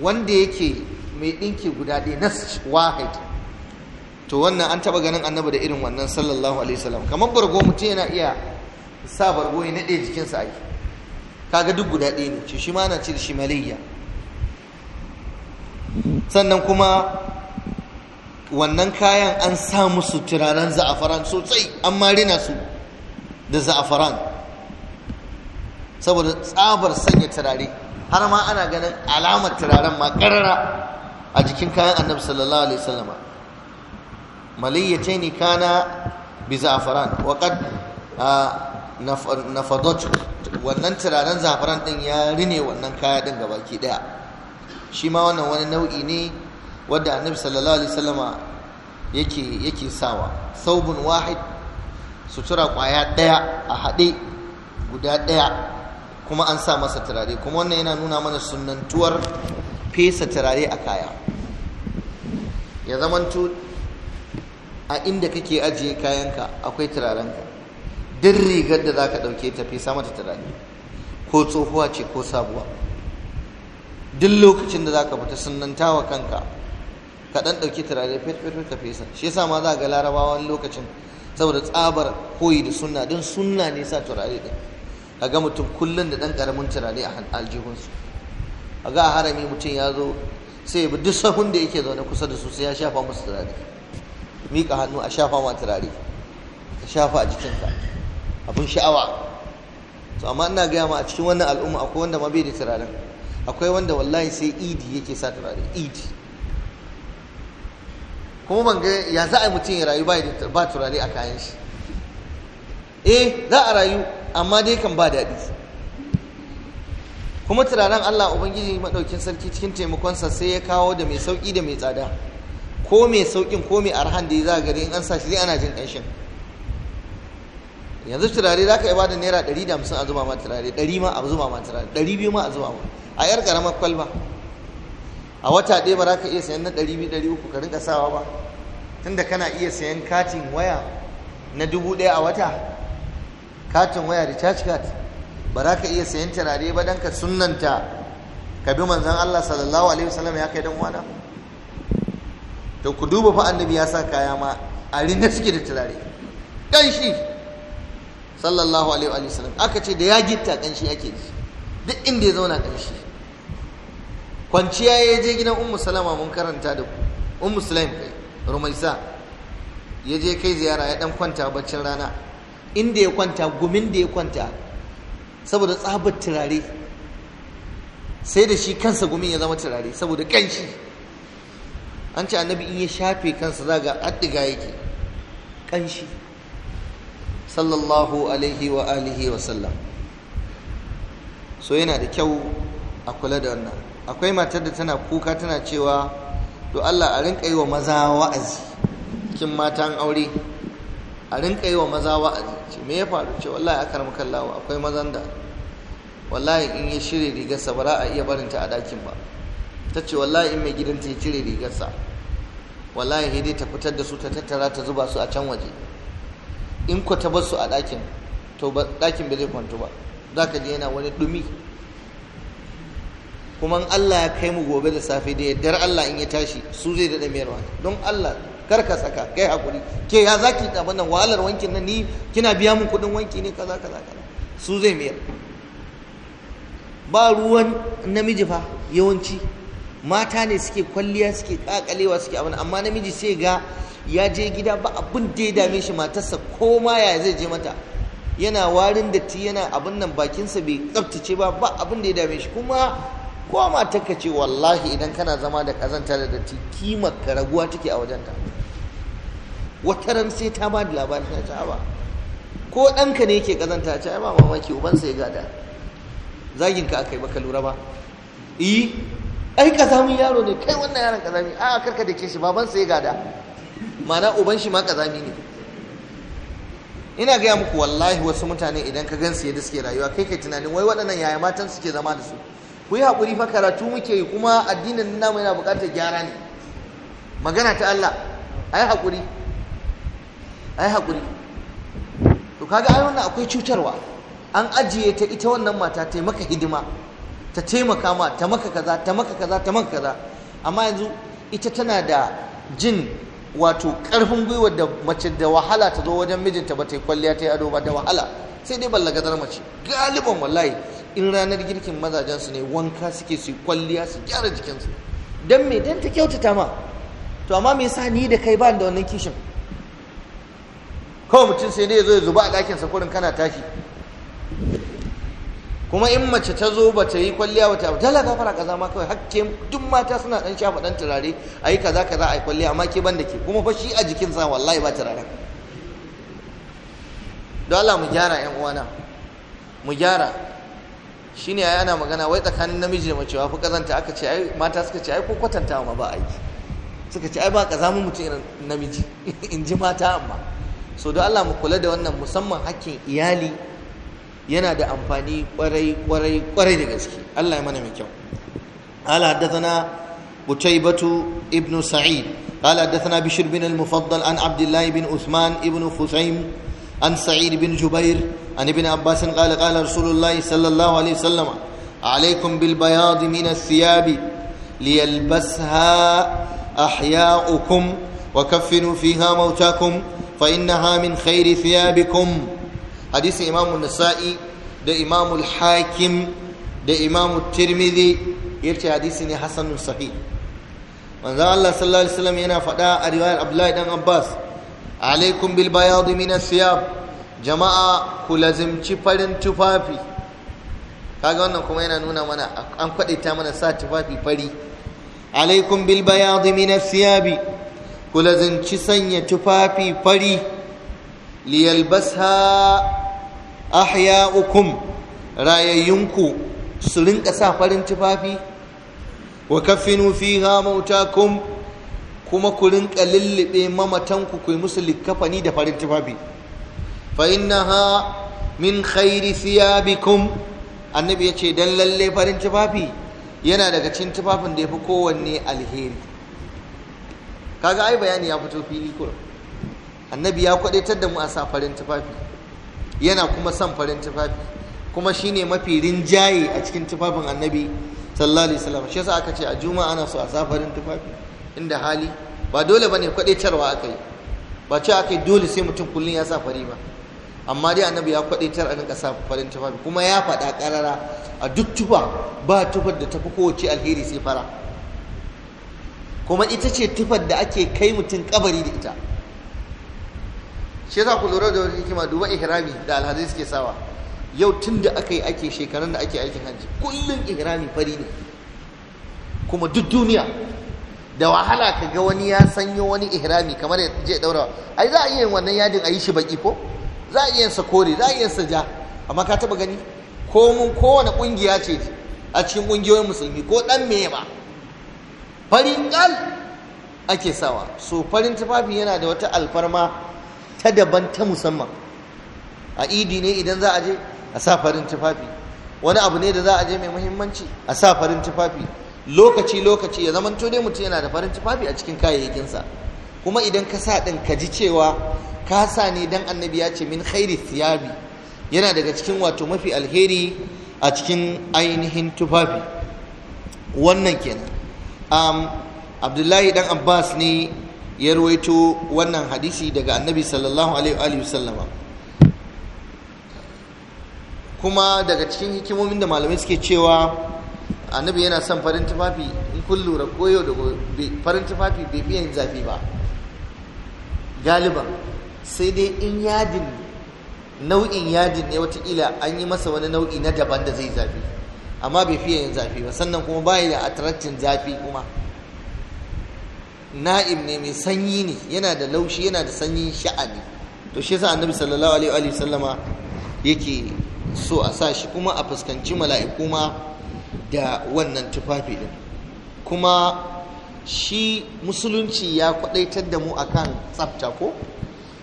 wanda yake mai ɗinki guda ɗaya na wahid to wannan an taɓa ganin annabi da irin wannan sallallahu alaihi wasallam kamar bargo mutum yana iya sa bargo ya naɗe jikinsa aiki. kaga duk guda ɗaya ne shi ma ce da shi malayya sannan kuma wannan kayan an sa musu turaren za'afaran sosai an marina su da za'afaran saboda tsabar sanya turare har ma ana ganin alamar turaren ma karara a jikin kayan annabi sallallahu alaihi wasallama maliyyace ne kana bi za'afaran wa ah, na nafadatu wannan turaren zafaran din ya rine wannan kaya din gabaki daya shi ma wannan wani nau'i ne wadda annabi sallallahu alaihi wasallama yake yake sawa saubun wahid sutura kwaya daya a haɗe guda daya kuma an sa masa turare kuma wannan yana nuna mana sunnantuwar fesa turare a kaya ya zamanto a inda kake ajiye kayanka akwai turarenka duk rigar da za ka ɗauke tafi sama ta turare ko tsohuwa ce ko sabuwa duk lokacin da za ka fita sunanta wa kanka ka ɗan ɗauki turare fet fet ka fesa shi yasa ma za ga larabawa wani lokacin saboda tsabar koyi da sunna don sunna ne sa turare ɗin a ga mutum kullum da ɗan ƙaramin turare a aljihunsu a ga a harami mutum ya zo sai bi duk sahun da yake zaune kusa da su sai ya shafa musu turare miƙa hannu a shafa ma turare ka shafa a jikinka abin sha'awa to amma ina gaya ma a cikin wannan al'umma akwai wanda ma bai da turaren akwai wanda wallahi sai idi yake sa turare idi kuma ban ga ya za a yi mutum ya rayu ba turare a kayan shi eh za a rayu amma dai kan ba daɗi kuma turaren Allah Ubangiji maɗaukin sarki cikin taimakonsa sai ya kawo da mai sauƙi da mai tsada ko mai sauƙin ko mai arhan da ya za gari in an sa shi zai ana jin ƙanshin yanzu turare za ka yi bada naira ɗari da hamsin a zuba ma turare ɗari ma a zuba ma turare ɗari biyu ma a zuba ma a yar ƙaramar kwalba a wata ɗaya ba za ka iya sayan na ɗari biyu ɗari uku ka rinka sawa ba tunda kana iya sayan katin waya na dubu ɗaya a wata katin waya da charge card ba za ka iya sayan turare ba don ka sunanta ka bi manzon Allah sallallahu alaihi wasallam ya kai dan wana to ku duba fa annabi ya sa kaya ma a rinda suke da turare dan shi sallallahu alaihi wa sallam aka ce da ya gitta kanshi ake ji duk inda ya zauna kanshi kwanciya ya je gidan ummu salama mun karanta da ku ummu sulaim kai rumaisa ya je kai ziyara ya dan kwanta baccin rana inda ya kwanta gumin da ya kwanta saboda tsabar turare sai da shi kansa gumin ya zama turare saboda kanshi an ce annabi in ya shafe kansa zaga addiga yake kanshi sallallahu alaihi wa alihi wa sallam so yana da kyau a kula da wannan akwai matar da tana kuka tana cewa to Allah a rinka yi wa maza wa'azi kin matan aure a rinka yi wa maza wa'azi ce me ya faru ce wallahi aka ramu kallawa akwai mazan da wallahi in ya shirya rigarsa ba za a iya barinta a dakin ba ta ce wallahi in mai gidanta ya cire rigarsa wallahi dai ta fitar da su ta tattara ta zuba su a can waje in ku ta basu a ɗakin to ɗakin ba zai kwanto ba za ka je yana wani ɗumi kuma in Allah ya kai mu gobe da safe da dar Allah in ya tashi su zai daɗa wani don Allah kar ka saka kai hakuri ke ya za ki abin nan wahalar wankin nan ni kina biya mun kuɗin wanki ne kaza kaza kaza su zai mayar ba ruwan namiji fa yawanci mata ne suke kwalliya suke kakalewa suke abin amma namiji sai ga ya je gida ba abin da ya dame shi matarsa ko ma ya zai je mata yana warin datti yana abin nan bakinsa bai tsaftace ba ba abin da ya dame shi kuma ko matarka ce wallahi idan kana zama da kazanta da datti kimar ka raguwa take a wajenta wata ran sai ta ba da labarin ta ta ba ko ɗanka ne yake kazanta ta ba mamaki ubansa ya gada zagin ka aka yi baka lura ba eh ai kazamin yaro ne kai wannan yaron kazami a karka da ke shi babansa ya gada mana uban shi ma kazami ne ina gaya muku wallahi wasu mutane idan ka gansu yadda suke rayuwa kai kai tunanin wai waɗannan yaya matan suke zama da su ku yi haƙuri fa karatu muke yi kuma addinin namu yana buƙatar gyara ne magana ta Allah ai haƙuri ai haƙuri to kaga ai wannan akwai cutarwa an ajiye ta ita wannan mata ta maka hidima ta taimaka ma ta maka kaza ta maka kaza ta maka kaza amma yanzu ita tana da jin wato karfin gwiwar da mace da wahala ta zo wajen mijinta ba ta yi kwalliya ta yi ado ba da wahala sai dai gazar mace galiban wallahi in ranar girkin mazajen su ne wanka suke su yi kwalliya su gyara jikinsu don me don ta kyautata ma to amma me yasa ni da kai ba da wannan kishin kawai mutum sai ne ya zo ya zuba a ɗakin sa kurin kana tashi kuma in mace ta zo ba ta yi kwalliya ba ta dala fara kaza ma kawai hakke duk mata suna dan shafa dan turare ayi kaza kaza ayi kwalliya amma ke banda ke kuma fa shi a jikin sa wallahi ba turare don Allah mu gyara 'yan uwana mu gyara shine ai ana magana wai tsakanin namiji da mace wa fa kazanta aka ce ai mata suka ce ai ko kwatanta ma ba aiki suka ce ai ba kaza mu mutum irin namiji <laughs> in ji mata amma so don Allah mu kula da wannan musamman hakkin iyali yana da amfani kwarai kwarai kwarai da gaske Allah ya mana mai kyau قال حدثنا بتيبة ابن سعيد قال حدثنا بشر بن المفضل عن عبد الله بن عثمان ابن خثيم عن سعيد بن جبير عن ابن عباس قال قال رسول الله صلى الله عليه وسلم عليكم بالبياض من الثياب ليلبسها أحياؤكم وكفنوا فيها موتاكم فإنها من خير ثيابكم hadisin imamu nasa'i da imamu hakim da imamu tirmidhi ya ce hadisi ne hasanun sahih manzon Allah sallallahu alaihi wasallam yana faɗa a riwayar Abdullahi dan Abbas alaikum bil bayad min siyab jama'a ku lazimci farin tufafi kaga wannan kuma yana nuna mana an kwadaita mana sa tufafi fari alaikum bil bayad min siyab ku lazimci sanya tufafi fari liyalbasha ahya'ukum rayayyunku su rinka sa farin tufafi wa kaffinu fiha mautakum kuma ku rinka lullube mamatanku ku yi musu likkafani da farin tufafi fa innaha min khairi thiyabikum annabi ya ce dan lalle farin tufafi yana daga cikin tufafin da ya fi kowanne alheri kaga ai bayani ya fito fili kura annabi ya kwadaitar da mu a sa farin tufafi yana kuma son farin tufafi kuma shine mafi rinjaye a cikin tufafin annabi sallallahu alaihi wasallam shi yasa aka ce a juma'a ana so a sa farin tufafi inda hali ba dole bane kwadaitarwa aka yi ba ce aka yi dole sai mutum kullun ya sa fari ba amma dai annabi ya kwadaitar a rinka sa farin tufafi kuma ya faɗa ƙarara a duk tufa ba tufar da tafi kowace alheri sai fara kuma ita ce tufar da ake kai mutum kabari da ita shi yasa ku lura da wani hikima duba ihrami da alhazai suke sawa yau tun da aka yi ake shekarun da ake aikin hajji kullum ihrami fari ne kuma duk duniya da wahala ka ga wani ya sanyo wani ihrami kamar ya je daura ai za a iya yin wannan yadin a yi shi baki ko za a iya kore za a iya ja amma ka taba gani ko mun kowane kungiya ce a cikin kungiyoyin musulmi ko dan me ba? farin kal ake sawa so farin tufafi yana da wata alfarma ta daban ta musamman a idi ne idan za a je a sa farin tufafi wani abu ne da za a je mai muhimmanci a sa farin tufafi lokaci lokaci ya zama dai mutum yana da farin tufafi a cikin kayayyakinsa kuma idan ka sa ɗin ka ji cewa ka sa ne dan annabi ya ce min khairi thiyabi yana daga cikin wato mafi alheri a cikin ainihin tufafi wannan kenan um, abdullahi dan abbas ne ya ruwaito wannan hadisi daga annabi sallallahu alaihi wasallama kuma daga cikin hikimomin da malamai suke cewa annabi yana son farin tufafi in kun lura koyo da farin tufafi bai fiye yin zafi ba galiban sai dai in yadin nau'in yadin ne watakila an yi masa wani nau'i na daban da zai zafi amma bai fiye yin zafi ba sannan kuma baya da tarantin zafi kuma na'im ne mai sanyi ne yana da laushi yana da sanyin sha'ani to shi yasa annabi sallallahu alaihi wa sallama yake so a sa shi kuma a fuskanci mala'iku ma da wannan tufafi din kuma shi musulunci ya kwadaitar da mu akan tsafta ko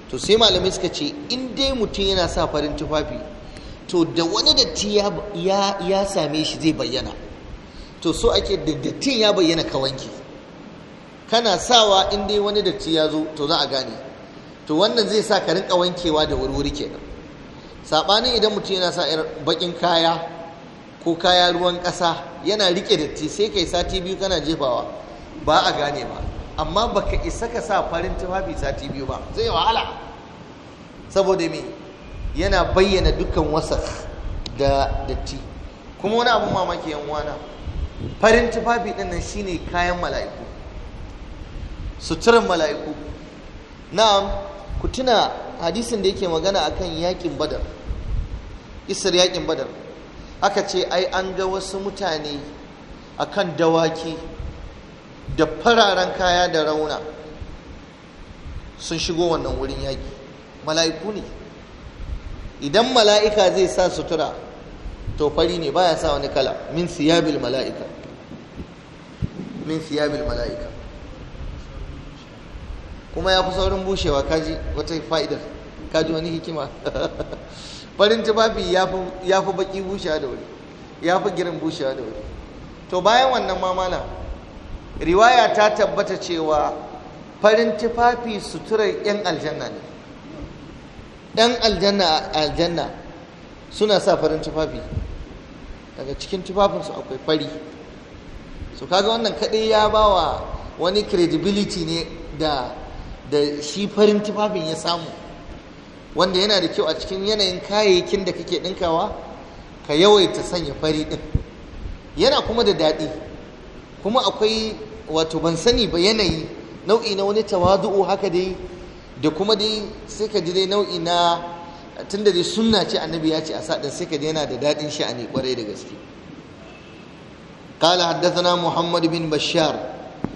to sai malamai suka ce in dai mutum yana sa farin tufafi to da wani datti ya same shi zai bayyana to so ake da dattin ya bayyana ka wanke kana sawa in dai wani datti ya zo to za a gane to wannan zai sa ka rinka wankewa da wurwuri kenan sabanin idan mutum yana sa yar bakin kaya ko kaya ruwan kasa yana rike datti sai kai sati biyu kana jefawa ba a gane ba amma baka isa ka sa farin tufafi sati biyu ba zai wahala saboda me yana bayyana dukkan wasaf da datti kuma wani abin mamaki yan uwana farin tufafi ɗin shine kayan mala'iku suturar mala'iku na'am ku tuna hadisin da yake magana a kan yakin badar isar yakin badar aka ce ai an ga wasu mutane a kan dawaki da fararen kaya da rauna sun shigo wannan wurin yaki mala'iku ne idan mala'ika zai sa sutura to fari ne baya sa wani kala min siyabil mala'ika min siyabil mala'ika kuma ya fi saurin bushewa kaji wata fa'idar kaji wani hikima <laughs> farin tufafi ya fi baki bushewa da wuri ya fi girin bushewa da wuri to bayan wannan mamana riwaya ta tabbata cewa farin tufafi suturar 'yan aljanna ne 'yan aljanna a aljanna suna sa farin tufafi daga cikin tufafinsu akwai fari so kaga wannan kaɗai ya bawa wani credibility ne da da shi farin tufafin ya samu wanda yana da kyau a cikin yanayin kayayyakin da kake ɗinkawa ka yawaita sanya fari ɗin yana kuma da daɗi kuma akwai wato ban sani ba yanayi nau'i na wani tawadu'u haka dai da kuma dai sai ka ji dai nau'i na tun da dai sunna ce annabi ya ce a saɗin sai ka ji yana da daɗin sha'ani ƙwarai da gaske قال حدثنا bin bin Wani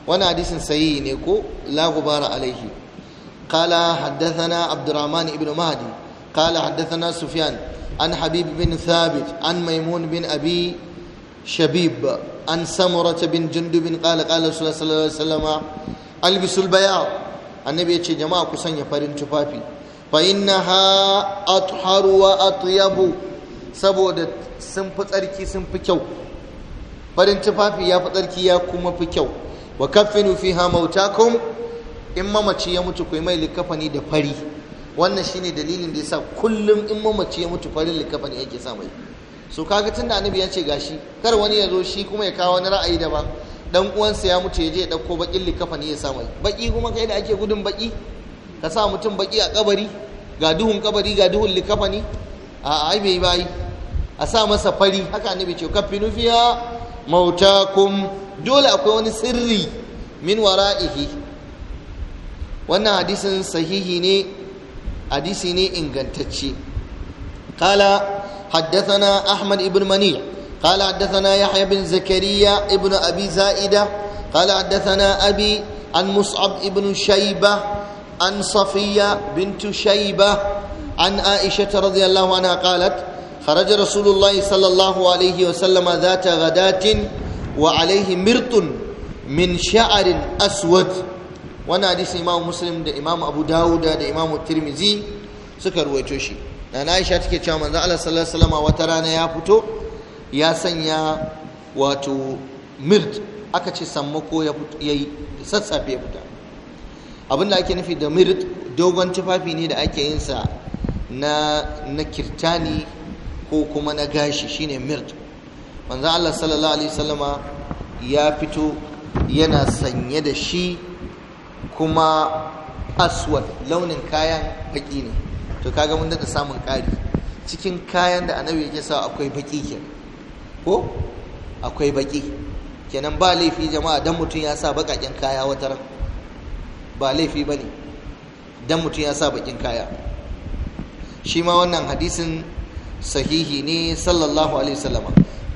وانا حديث ne ne ko lagubara alaihi قال حدثنا عبد الرحمن بن مهدي قال حدثنا سفيان عن حبيب بن ثابت عن ميمون بن أبي شبيب عن سمرة بن جندب قال قال رسول الله صلى الله عليه وسلم ألبسوا البياض النبي يقول جماعة كسن يفرن تفافي فإنها أطهر وأطيب saboda sun fi tsarki sun fi kyau farin tufafi ya fi tsarki ya kuma fi kyau wa kaffinu fiha mautakum in mamaci ya mutu ku mai likafani da fari wannan shine dalilin da ya sa kullum in mamaci ya mutu farin likafani yake sa mai so kaga tunda annabi ya ce gashi kar wani ya zo shi kuma ya kawo wani ra'ayi da ba. dan uwansa ya mutu ya je ya dauko bakin likafani ya sa mai kuma kai da ake gudun baki ka sa mutum baki a kabari ga duhun kabari ga duhun likafani a ai bai bai a sa masa fari haka annabi ce kafinu fiya mautakum dole akwai wani sirri min wara'ihi wannan hadisin sahihi ne hadisi ne ingantacce قال حدثنا أحمد بن منيع قال حدثنا يحيى بن زكريا ابن أبي زائدة قال حدثنا أبي عن مصعب بن شيبة عن صفية بنت شيبة عن عائشة رضي الله عنها قالت خرج رسول الله صلى الله عليه وسلم ذات غداة وعليه مرط من شعر أسود wannan hadisin imam muslim da imam abu dawuda da imam tirmizi suka ruwaito shi na aisha take cewa manzo Allah sallallahu alaihi wasallam wata rana ya fito ya sanya wato mirt aka ce sammako ya yi sassafe ya fita abinda ake nufi da mirt dogon tufafi ne da ake yin sa na kirtani ko kuma na gashi shine mirt manzo Allah sallallahu alaihi wasallama ya fito yana sanye da shi kuma aswad launin kayan baki ne to kaga mun daɗa samun ƙari cikin kayan da annabi yake sa akwai baki kenan ko akwai baki kenan ba laifi jama'a dan mutum ya sa bakakin kaya wata ran ba laifi ba ne dan mutum ya sa bakin kaya shi ma wannan hadisin sahihi ne sallallahu alaihi wasallama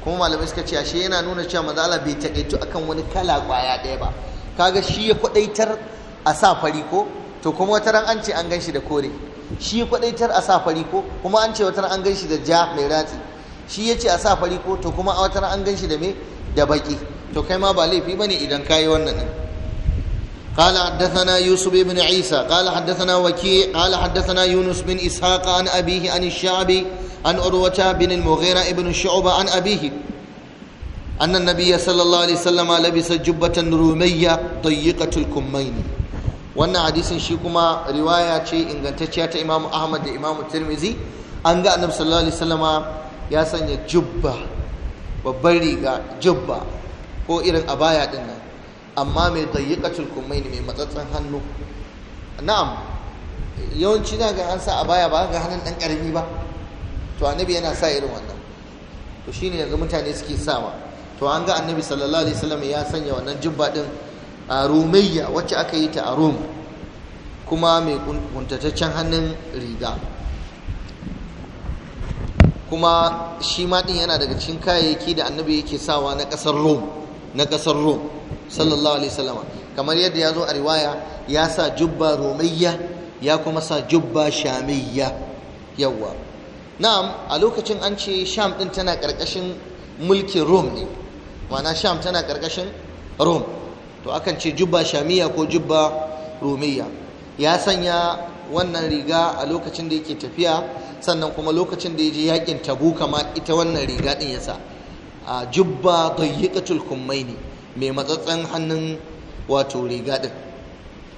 kuma malamai suka ce ashe yana nuna cewa manzo Allah bai takaitu akan wani kala kwaya ɗaya ba kaga shi ya kwadaitar a sa fari ko to kuma wata ran an ce an gan shi da kore shi tar a sa fari ko kuma an ce wata ran an gan shi da ja mai ratsi shi ya ce a sa fari ko to kuma a wata ran an gan shi da me da baki to kai ma ba laifi bane idan kayi wannan ne قال حدثنا يوسف بن عيسى قال حدثنا وكيع قال حدثنا يونس بن إسحاق عن أبيه عن الشعبي عن أروة بن المغيرة بن شعبة عن أبيه أن النبي صلى الله عليه وسلم لبس جبة رومية ضيقة الكمين wannan hadisin shi kuma riwaya ce ingantacciya ta imamu ahmad da imamu tirmizi an ga annabi sallallahu alaihi wasallama ya sanya jubba babbar riga jubba ko irin abaya din nan amma mai dayyikatul ne mai matsatsan hannu na'am yawanci na ga an sa abaya ba ga hannun dan karami ba to annabi yana sa irin wannan to shine yanzu mutane suke sawa to an ga annabi sallallahu alaihi wasallam ya sanya wannan jubba din a rumayya wacce aka yi ta a rum kuma mai kuntataccen hannun riga kuma shi ma din yana daga cikin kayayyaki da annabi yake sawa na ƙasar rom na ƙasar rom sallallahu alaihi salama kamar yadda ya zo a riwaya ya sa jubba romayya ya kuma sa jubba shamiyya yawwa na'am a lokacin an ce sham din tana ƙarƙashin mulkin rom ne ma'ana sham tana ƙarƙashin rom to akan ce jubba shamiya ko jubba rumiya ya sanya wannan riga a lokacin da yake tafiya sannan kuma lokacin da ya je yakin tabu kama ita wannan riga din yasa a jubba dayyiqatul kummaini mai matsatsen hannun wato riga din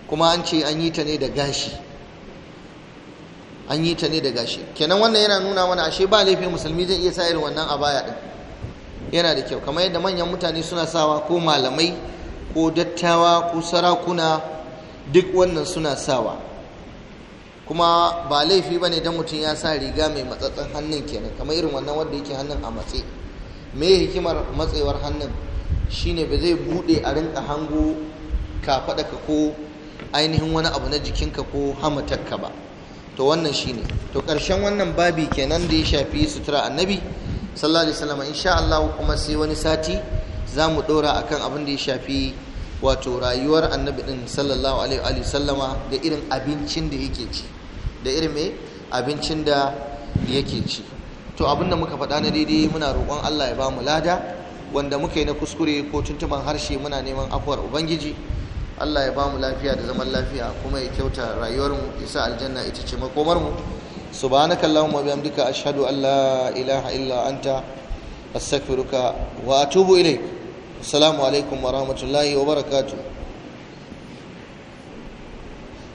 kuma an ce an yi ta ne da gashi an yi ta ne da gashi kenan wannan yana nuna mana ashe ba laifi musulmi zai iya sa irin wannan abaya din yana da kyau kamar yadda manyan mutane suna sawa ko malamai ko dattawa ko sarakuna duk wannan suna sawa kuma ba laifi ba ne don mutum ya sa riga mai matsatsen hannun kenan kamar irin wannan wanda yake hannun a matse me hikimar matsewar hannun shine ba zai bude a rinka hango ka ko ainihin wani abu na jikinka ko hamatakka ba to wannan shine to ƙarshen wannan babi kenan da ya shafi sutura annabi sallallahu alaihi wasallam insha Allah kuma sai wani sati za mu ɗora a kan abin da ya shafi wato rayuwar annabi ɗin sallallahu alaihi wa sallama da irin abincin da yake ci da irin mai abincin da yake ci to abin da muka faɗa na daidai muna roƙon allah ya bamu lada wanda muka yi na kuskure ko tuntuban harshe muna neman afuwar ubangiji allah ya bamu lafiya da zaman lafiya kuma ya kyauta rayuwarmu ya sa aljanna ita ce makomarmu سبحانك اللهم وبحمدك أشهد أن لا إله إلا أنت أستغفرك وأتوب إليك assalamu alaikum wa rahmatullahi wa barakatu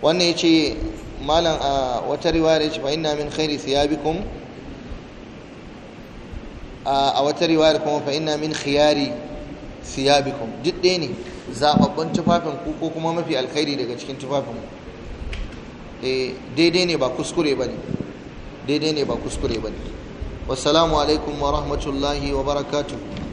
wannan ya ce malam a wata riwayar ya ce fa min khairi thiyabikum a wata riwayar kuma fa min khiyari thiyabikum duk ɗaya ne zaɓaɓɓen tufafin ku ko kuma mafi alkhairi daga cikin tufafin eh, daidai ne ba kuskure ba ne daidai ne ba kuskure ba ne wassalamu alaikum wa rahmatullahi wa barakatuh